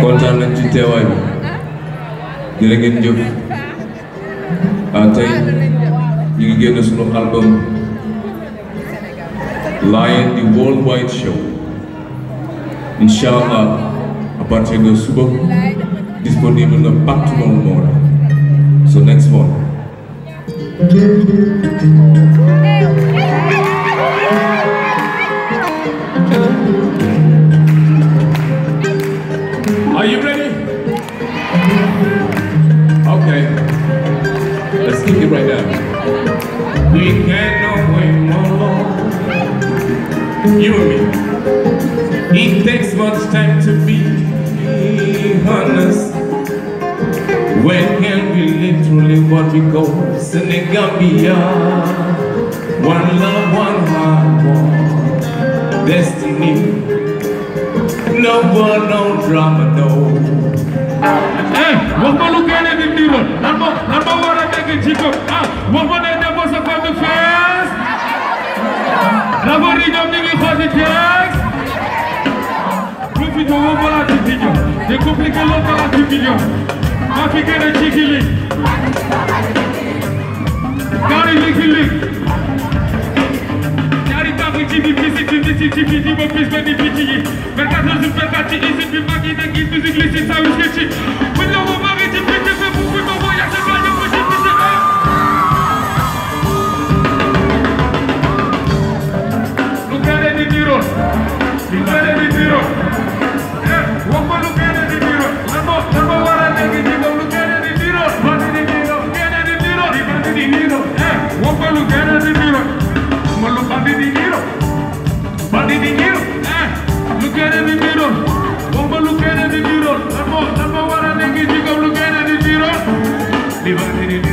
kontaan nañ ci teewaay bi jërë ngeen jëf ah tey ñu ngi Show incha allah partir de suba disponible na partout dans le so next one. We cannot wait no more. You It takes much time to be honest. When can we literally what we go? in Gambia, one love, one heart, one destiny. No one, no drama, no. Hey, what are you going to do? Number, number one, I take a chicken. nuovo l'antifidio, di complicarlo l'antifidio, ma finché ne ci chili. Cari gli chili. Cari papi ci mi pisi, ci mi si, ci mi di mo pisi, ma di pici gli. Per caso su per cacci, i si mi macchina, chi tu si glissi, sa un schiacci. Quello mo mari ci pici, per bucui, ma voglio se voglio, ma ci pici, ah! Lucare di tiro, lucare di tiro. Divine